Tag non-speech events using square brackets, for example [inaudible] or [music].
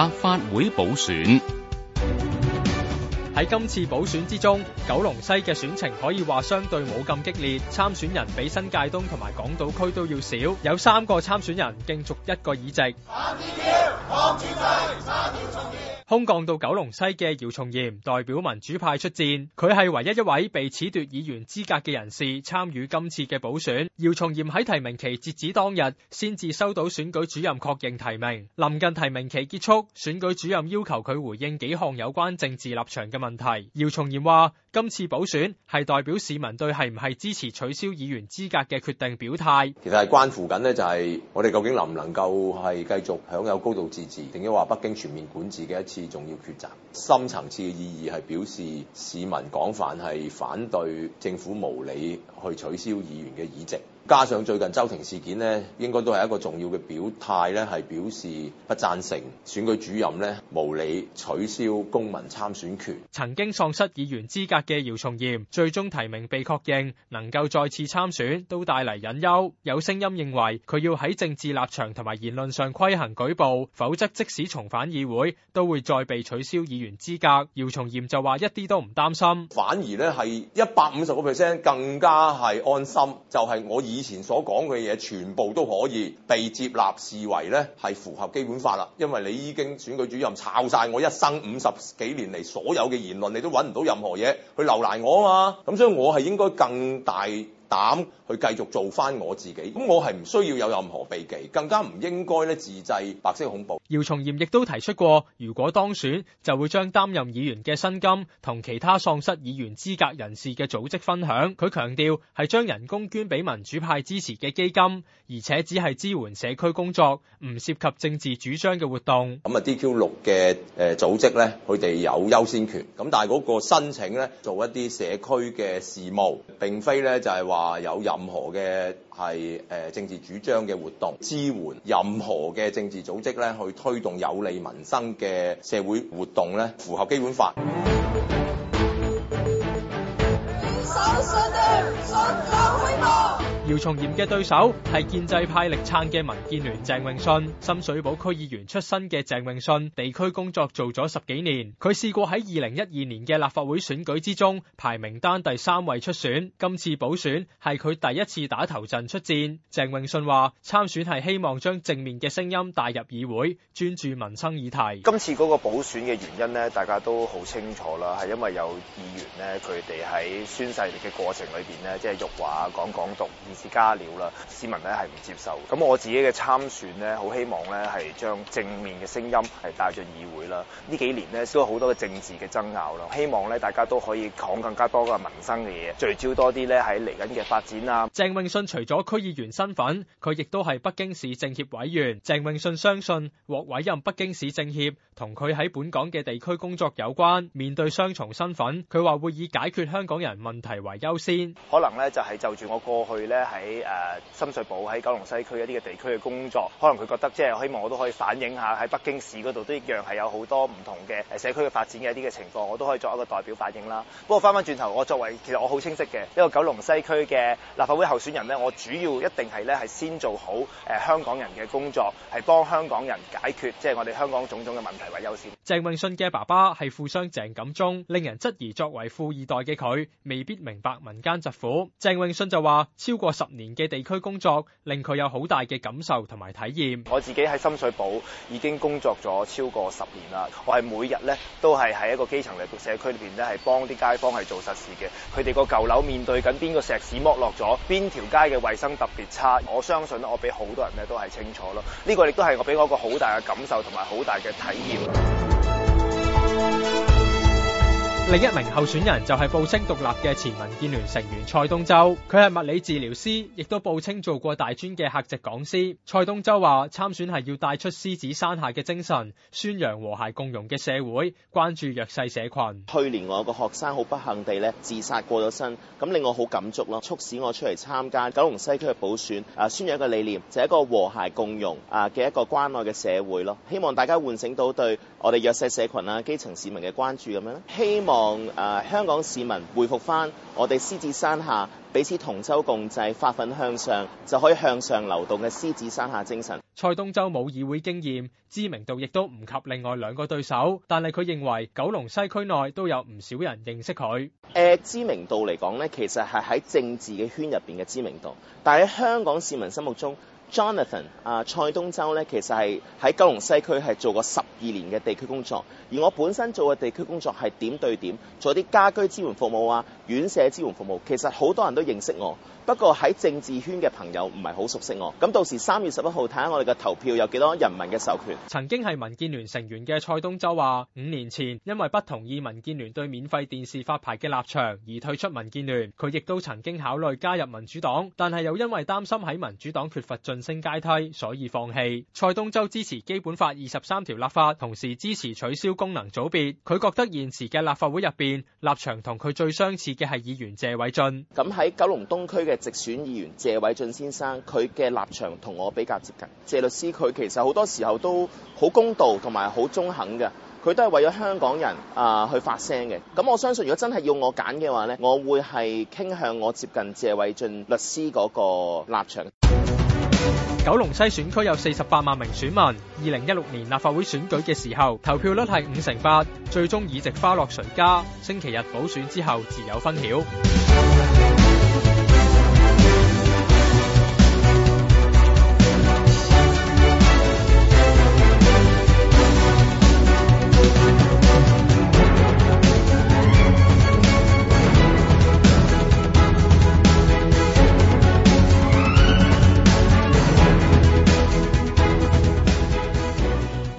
立法會補選，喺今次補選之中，九龍西嘅選情可以話相對冇咁激烈，參選人比新界東同埋港島區都要少，有三個參選人競逐一個議席。空降到九龍西嘅姚松炎代表民主派出戰，佢係唯一一位被褫奪議員資格嘅人士參與今次嘅補選。姚松炎喺提名期截止當日先至收到選舉主任確認提名。臨近提名期結束，選舉主任要求佢回應幾項有關政治立場嘅問題。姚松炎話：今次補選係代表市民對係唔係支持取消議員資格嘅決定表態。其實係關乎緊咧，就係我哋究竟能唔能夠係繼續享有高度自治，定抑或北京全面管治嘅一次？重要抉擇，深層次嘅意義係表示市民廣泛係反對政府無理去取消議員嘅議席。加上最近周庭事件呢，應該都係一個重要嘅表態咧，係表示不贊成選舉主任呢，無理取消公民參選權。曾經喪失議員資格嘅姚松炎，最終提名被確認，能夠再次參選都帶嚟隱憂。有聲音認為，佢要喺政治立場同埋言論上規行矩步，否則即使重返議會都會再被取消議員資格。姚松炎就話，一啲都唔擔心，反而呢，係一百五十個 percent 更加係安心，就係我以。以前所講嘅嘢，全部都可以被接納，視為咧係符合基本法啦，因為你已經選舉主任抄曬我一生五十幾年嚟所有嘅言論，你都揾唔到任何嘢去留難我啊嘛，咁所以我係應該更大。膽去繼續做翻我自己，咁我係唔需要有任何避忌，更加唔應該咧自製白色恐怖。姚松炎亦都提出過，如果當選就會將擔任議員嘅薪金同其他喪失議員資格人士嘅組織分享。佢強調係將人工捐俾民主派支持嘅基金，而且只係支援社區工作，唔涉及政治主張嘅活動。咁啊，DQ 六嘅誒組織咧，佢哋有優先權，咁但係嗰個申請咧做一啲社區嘅事務，並非咧就係話。啊，有任何嘅係誒政治主張嘅活動，支援任何嘅政治組織咧，去推動有利民生嘅社會活動咧，符合基本法。 [music] 姚松炎嘅對手係建制派力撐嘅民建聯鄭泳舜，深水埗區議員出身嘅鄭泳舜，地區工作做咗十幾年，佢試過喺二零一二年嘅立法會選舉之中排名單第三位出選，今次補選係佢第一次打頭陣出戰。鄭泳舜話參選係希望將正面嘅聲音帶入議會，專注民生議題。今次嗰個補選嘅原因咧，大家都好清楚啦，係因為有議員咧，佢哋喺宣誓嘅過程裏邊咧，即係辱華講港獨。加料啦！市民呢係唔接受。咁我自己嘅參選呢，好希望呢係將正面嘅聲音係帶進議會啦。呢幾年呢少咗好多嘅政治嘅爭拗咯，希望呢大家都可以講更加多嘅民生嘅嘢，聚焦多啲呢喺嚟緊嘅發展啊。鄭泳舜除咗區議員身份，佢亦都係北京市政協委員。鄭泳舜相信獲委任北京市政協同佢喺本港嘅地區工作有關，面對雙重身份，佢話會以解決香港人問題為優先。可能呢就係就住我過去呢。喺誒深水埗、喺九龍西區一啲嘅地區嘅工作，可能佢覺得即係希望我都可以反映下喺北京市嗰度都一樣係有好多唔同嘅社區嘅發展嘅一啲嘅情況，我都可以作一個代表反映啦。不過翻翻轉頭，我作為其實我好清晰嘅一個九龍西區嘅立法會候選人呢，我主要一定係咧係先做好誒香港人嘅工作，係幫香港人解決即係我哋香港種種嘅問題為優先。鄭泳舜嘅爸爸係富商鄭錦中，令人質疑作為富二代嘅佢未必明白民間疾苦。鄭泳舜就話：超過。十年嘅地區工作，令佢有好大嘅感受同埋體驗。我自己喺深水埗已經工作咗超過十年啦，我係每日咧都係喺一個基層嘅社區裏邊咧，係幫啲街坊係做實事嘅。佢哋個舊樓面對緊邊個石屎剝落咗，邊條街嘅衛生特別差，我相信我俾好多人咧都係清楚咯。呢個亦都係我俾我一個好大嘅感受同埋好大嘅體驗。另一名候選人就係報稱獨立嘅前民建聯成員蔡東洲，佢係物理治療師，亦都報稱做過大專嘅客席講師。蔡東洲話：參選係要帶出獅子山下嘅精神，宣揚和諧共融嘅社會，關注弱勢社群。去年我有個學生好不幸地咧自殺過咗身，咁令我好感觸咯，促使我出嚟參加九龍西區嘅補選。啊，宣揚嘅理念就係、是、一個和諧共融啊嘅一個關愛嘅社會咯，希望大家喚醒到對我哋弱勢社群、啊、基層市民嘅關注咁樣希望。望誒香港市民回復翻我哋獅子山下彼此同舟共濟，發奮向上，就可以向上流動嘅獅子山下精神。蔡東洲冇議會經驗，知名度亦都唔及另外兩個對手，但係佢認為九龍西區內都有唔少人認識佢。誒、呃，知名度嚟講咧，其實係喺政治嘅圈入邊嘅知名度，但係喺香港市民心目中，Jonathan 啊、呃，蔡東洲咧，其實係喺九龍西區係做過十二年嘅地區工作，而我本身做嘅地區工作係點對點，做啲家居支援服務啊、院舍支援服務。其實好多人都認識我。不過喺政治圈嘅朋友唔係好熟悉我，咁到時三月十一號睇下我哋嘅投票有幾多人民嘅授權。曾經係民建聯成員嘅蔡東洲話：五年前因為不同意民建聯對免費電視發牌嘅立場而退出民建聯，佢亦都曾經考慮加入民主黨，但係又因為擔心喺民主黨缺乏晉升階梯，所以放棄。蔡東洲支持基本法二十三條立法，同時支持取消功能組別。佢覺得現時嘅立法會入邊，立場同佢最相似嘅係議員謝偉俊。咁喺九龍東區嘅直選議員謝偉俊先生，佢嘅立場同我比較接近。謝律師佢其實好多時候都好公道，同埋好中肯嘅，佢都係為咗香港人啊、呃、去發聲嘅。咁我相信，如果真係要我揀嘅話呢，我會係傾向我接近謝偉俊律師嗰個立場。九龍西選區有四十八萬名選民，二零一六年立法會選舉嘅時候，投票率係五成八，最終議席花落誰家，星期日補選之後，自有分曉。